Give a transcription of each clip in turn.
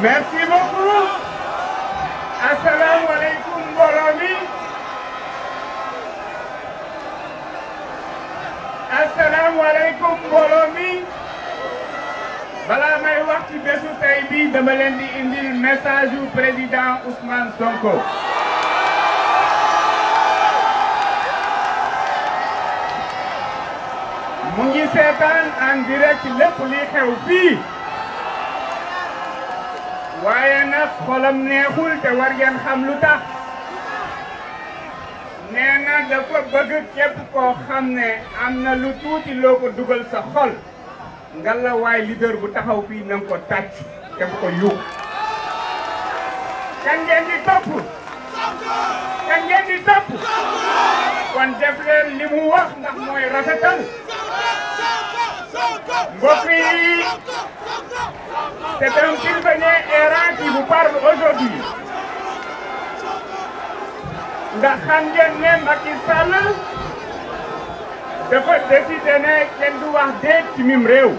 merci beaucoup asalaamaaleykum mbooloo mi asalaamaaleykum mbooloo mi balaa may wax ci bésu tey dama leen di indil message yu président Ousmane Sonko. mu ngi seetaan en direct lépp li xew fii. waaye nag xolam neexul te war xam lu tax nee na dafa bëgg képp koo xam ne am na lu tuuti loo ko dugal sa xol nga la waay bu taxaw fii na ko tàcc te ko yuux kan ngeen di topp kan ngeen di topp kon def leen li wax ndax mooy rafetal mbokk yi C'est un prisonnier errant qui vous parle aujourd'hui. ndax xam ngeen ne Macky Sall dafa décidé ne kenn du wax déet ci mim réew.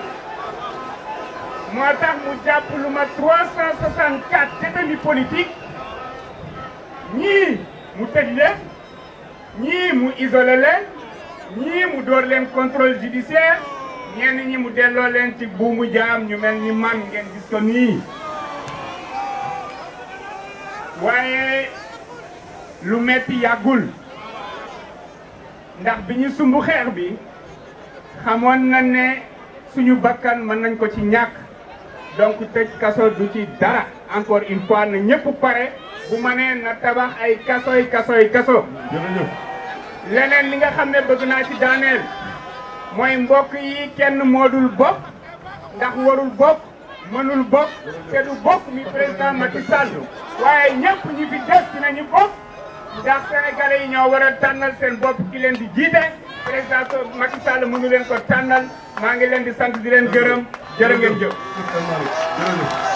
moo mu jàpp lu ma 364 détenus politiques ñii mu tëj leen ñii mu isolé leen ñii mu door leen contrôle judiciaire. ñenn ñi mu delloo leen ci buumu jaam ñu mel ni man ngeen gis ko nii waaye lu metti yàggul ndax bi ñu sumb xeex bi xamoon na ne suñu bakkan mën nañ ko ci ñàkk donc tëj kaso du ci dara encore une fois na ñëpp pare bu ma nee na tabax ay kasoy kasoy kaso leneen li nga xam ne bëgg naa ci daaneel mooy mbokk yi kenn moodul bokk ndax warul bokk mënul bokk te du bokk mi président Macky Sall waaye ñëpp ñi fi des dinañu bokk ndax sénégalais yi ñoo war a tànnal seen bopp ki leen di jiite président Macky Sall mënu leen ko tànnal maa ngi leen di sant di leen gërëm jërë ngeen jëf.